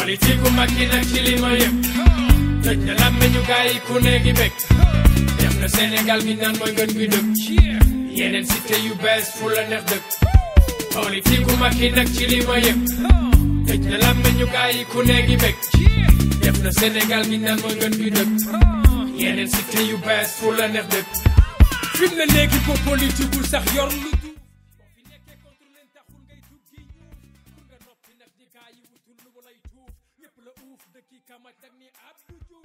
politique gu mag ci li ma yëg tëj na làmmiñu gaa yi ku gi bég def na Sénégal gi naan mooy gën gi dëkk yeneen cité yu bees fu la neex dëkk politique gu mag yi nag ci li ma yëg tëj na làmmiñu gaa yi ku ne bég def na Sénégal mi naan mooy gën gi dëkk yeneen cité yu bees fu la neex dëkk fi mu ne léegi sax yor kama tag ni Abdou you.